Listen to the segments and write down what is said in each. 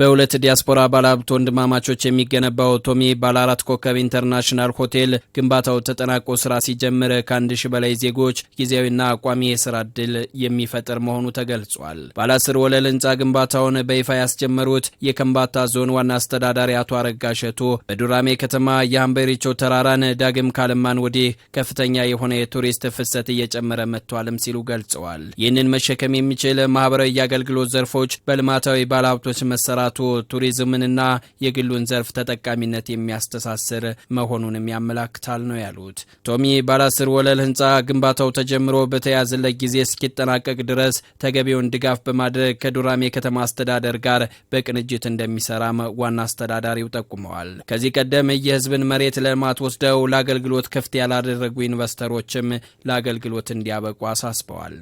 በሁለት ዲያስፖራ ባለሀብት ወንድማማቾች የሚገነባው ቶሚ ባለ አራት ኮከብ ኢንተርናሽናል ሆቴል ግንባታው ተጠናቆ ስራ ሲጀምር ከአንድ ሺህ በላይ ዜጎች ጊዜያዊና አቋሚ የስራ እድል የሚፈጥር መሆኑ ተገልጿል። ባለ ወለል ህንፃ ግንባታውን በይፋ ያስጀመሩት የከምባታ ዞን ዋና አስተዳዳሪ አቶ አረጋ ሸቱ በዱራሜ ከተማ የሀምበሪቾ ተራራን ዳግም ካለማን ወዲህ ከፍተኛ የሆነ የቱሪስት ፍሰት እየጨመረ መጥቷልም ሲሉ ገልጸዋል። ይህንን መሸከም የሚችል ማህበራዊ የአገልግሎት ዘርፎች በልማታዊ ባለሀብቶች መሰራ መግባቱ ቱሪዝምንና የግሉን ዘርፍ ተጠቃሚነት የሚያስተሳስር መሆኑንም ያመላክታል ነው ያሉት። ቶሚ ባለአስር ወለል ህንፃ ግንባታው ተጀምሮ በተያዘለት ጊዜ እስኪጠናቀቅ ድረስ ተገቢውን ድጋፍ በማድረግ ከዱራሜ ከተማ አስተዳደር ጋር በቅንጅት እንደሚሰራም ዋና አስተዳዳሪው ጠቁመዋል። ከዚህ ቀደም የህዝብን መሬት ለልማት ወስደው ለአገልግሎት ክፍት ያላደረጉ ኢንቨስተሮችም ለአገልግሎት እንዲያበቁ አሳስበዋል።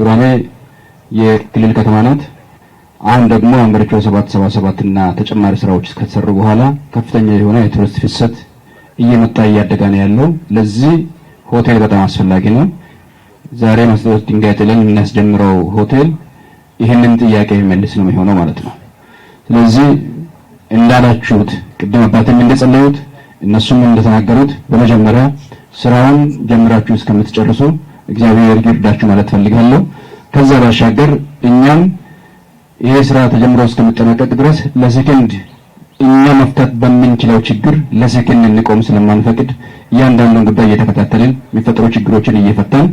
ዱራሜ የክልል ከተማ ናት። አሁን ደግሞ አንገሪቾ ሰባት ሰባ ሰባት እና ተጨማሪ ስራዎች ከተሰሩ በኋላ ከፍተኛ የሆነ የቱሪስት ፍሰት እየመጣ እያደገ ነው ያለው። ለዚህ ሆቴል በጣም አስፈላጊ ነው። ዛሬ መሰረት ድንጋይ ጥለን የምናስጀምረው ሆቴል ይህንን ጥያቄ የሚመልስ ነው የሚሆነው ማለት ነው። ስለዚህ እንዳላችሁት ቅድም አባትም እንደጸለዩት እነሱም እንደተናገሩት በመጀመሪያ ስራውን ጀምራችሁ እስከምትጨርሱ እግዚአብሔር ይርዳችሁ ማለት ፈልጋለሁ። ከዛ ባሻገር እኛም ይህ ስራ ተጀምሮ እስከመጠናቀቅ ድረስ ለሴከንድ እኛ መፍታት በምንችለው ችግር ለሴከንድ እንቆም ስለማንፈቅድ እያንዳንዱን ጉዳይ እየተከታተልን የሚፈጠሩ ችግሮችን እየፈታን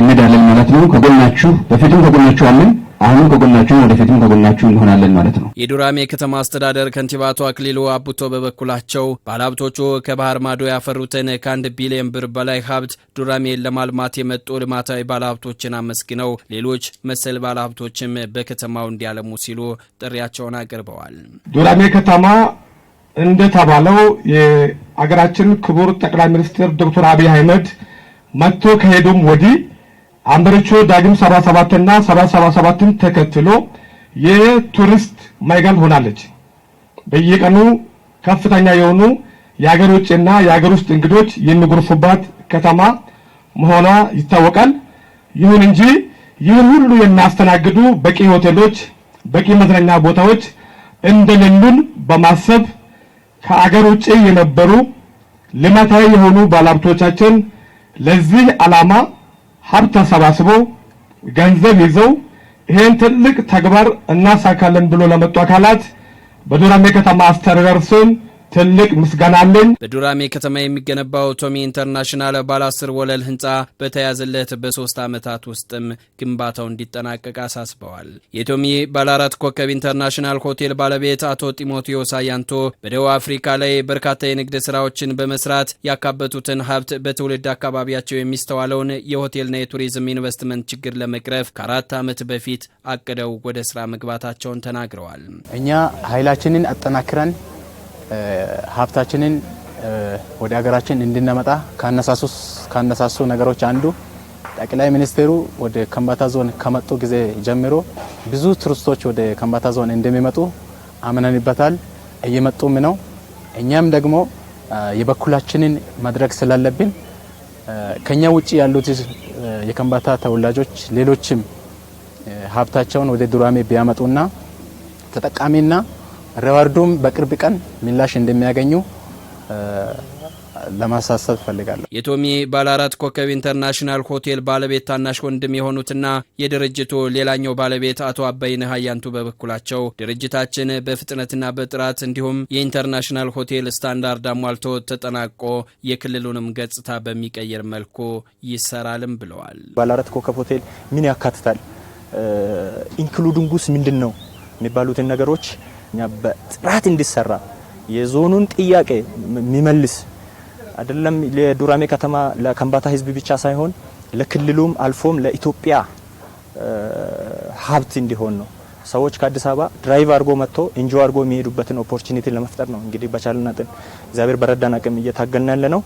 እንሄዳለን ማለት ነው። ከጎናችሁ በፊትም ከጎናችሁ አለን። አሁንም ከጎናችሁን ወደፊትም ከጎናችሁ እንሆናለን ማለት ነው። የዱራሜ ከተማ አስተዳደር ከንቲባ አቶ አክሊሉ አቡቶ በበኩላቸው ባለሀብቶቹ ከባህር ማዶ ያፈሩትን ከአንድ ቢሊዮን ብር በላይ ሀብት ዱራሜን ለማልማት የመጡ ልማታዊ ባለሀብቶችን አመስግነው ሌሎች መሰል ባለሀብቶችም በከተማው እንዲያለሙ ሲሉ ጥሪያቸውን አቅርበዋል። ዱራሜ ከተማ እንደተባለው የአገራችን ክቡር ጠቅላይ ሚኒስትር ዶክተር አብይ አህመድ መጥቶ ከሄዱም ወዲህ ሀምበሪቾ ዳግም 77 እና 777ን ተከትሎ የቱሪስት ማይጋል ሆናለች። በየቀኑ ከፍተኛ የሆኑ የሀገር ውጭና የሀገር ውስጥ እንግዶች የሚጎርፉባት ከተማ መሆኗ ይታወቃል። ይሁን እንጂ ይህን ሁሉ የሚያስተናግዱ በቂ ሆቴሎች፣ በቂ መዝናኛ ቦታዎች እንደሌሉን በማሰብ ከአገር ውጭ የነበሩ ልማታዊ የሆኑ ባለሀብቶቻችን ለዚህ ዓላማ ሀብት ተሰባስበው ገንዘብ ይዘው ይህን ትልቅ ተግባር እናሳካለን ብሎ ለመጡ አካላት በዱራሜ ከተማ አስተዳደር ስም ትልቅ አለን። በዱራሜ ከተማ የሚገነባው ቶሚ ኢንተርናሽናል ባለ አስር ወለል ህንፃ በተያዘለት በሶስት ዓመታት ውስጥም ግንባታው እንዲጠናቀቅ አሳስበዋል። የቶሚ ባለ አራት ኮከብ ኢንተርናሽናል ሆቴል ባለቤት አቶ ጢሞቴዎስ አያንቶ በደቡብ አፍሪካ ላይ በርካታ የንግድ ስራዎችን በመስራት ያካበቱትን ሀብት በትውልድ አካባቢያቸው የሚስተዋለውን የሆቴልና የቱሪዝም ኢንቨስትመንት ችግር ለመቅረፍ ከአራት ዓመት በፊት አቅደው ወደ ስራ መግባታቸውን ተናግረዋል። እኛ ኃይላችንን አጠናክረን ሀብታችንን ወደ ሀገራችን እንድናመጣ ካነሳሱ ነገሮች አንዱ ጠቅላይ ሚኒስትሩ ወደ ከምባታ ዞን ከመጡ ጊዜ ጀምሮ ብዙ ቱሪስቶች ወደ ከምባታ ዞን እንደሚመጡ አምነንበታል። እየመጡም ነው። እኛም ደግሞ የበኩላችንን ማድረግ ስላለብን ከኛ ውጭ ያሉት የከምባታ ተወላጆች ሌሎችም ሀብታቸውን ወደ ዱራሜ ቢያመጡና ተጠቃሚና ሪዋርዱም በቅርብ ቀን ምላሽ እንደሚያገኙ ለማሳሰብ ፈልጋለሁ። የቶሚ ባለ ኮከብ ኢንተርናሽናል ሆቴል ባለቤት ታናሽ ወንድም የሆኑትና የድርጅቱ ሌላኛው ባለቤት አቶ አባይነህ አያንቱ በበኩላቸው ድርጅታችን በፍጥነትና በጥራት እንዲሁም የኢንተርናሽናል ሆቴል ስታንዳርድ አሟልቶ ተጠናቆ የክልሉንም ገጽታ በሚቀይር መልኩ ይሰራልም ብለዋል። ባለ ኮከብ ሆቴል ምን ያካትታል፣ ኢንክሉዲንግ ምንድን ነው የሚባሉትን ነገሮች እኛ በጥራት እንዲሰራ የዞኑን ጥያቄ የሚመልስ አይደለም። ለዱራሜ ከተማ ለከምባታ ህዝብ ብቻ ሳይሆን ለክልሉም አልፎም ለኢትዮጵያ ሀብት እንዲሆን ነው። ሰዎች ከአዲስ አበባ ድራይቭ አድርጎ መጥቶ ኢንጆ አድርጎ የሚሄዱበትን ኦፖርቹኒቲ ለመፍጠር ነው። እንግዲህ በቻልን አቅም እግዚአብሔር በረዳን አቅም እየታገልን ያለ ነው።